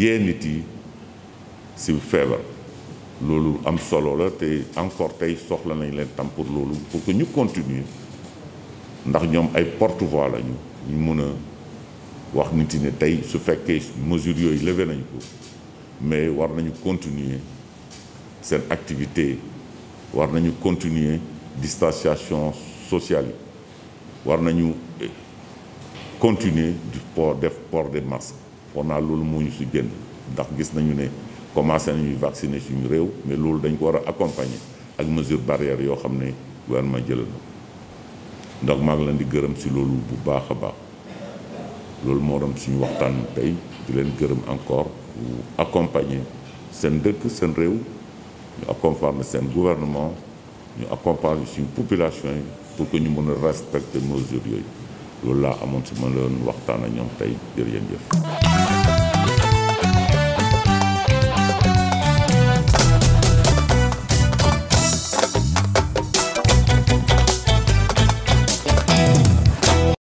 yee nit yi si feebar loolu am solo la te encore tey soxla nañ leen tam pour loolu pour que ñu continuer ndax ñoom ay porte-voix lañu ñu mën a wax nit yi ne tey su fekkee mesures yooyu levé nañ ko mais war nañu continuer seen activité war nañu continue distanciation sociale yi war nañu continuer du def port de masques foog naa loolu moo ñu si génn ndax gis nañu ne commencé nañu vacciner suñu réew mais loolu dañ ko war a accompagner ak mesure barrière yoo xam ne gouvernement jëlal na ndax maa ngi leen di gërëm si loolu bu baax a baax loolu moo doon suñu waxtaan tey di leen gërëm encore pour accompagner seen dëkk seen réew ñu accompagner seen gouvernement ñu accompagner suñu population yi pour que ñu mën a respecter mesures yooyu loolu laa amoon su ma leen waxtaan ak ñoom tey jërëjëf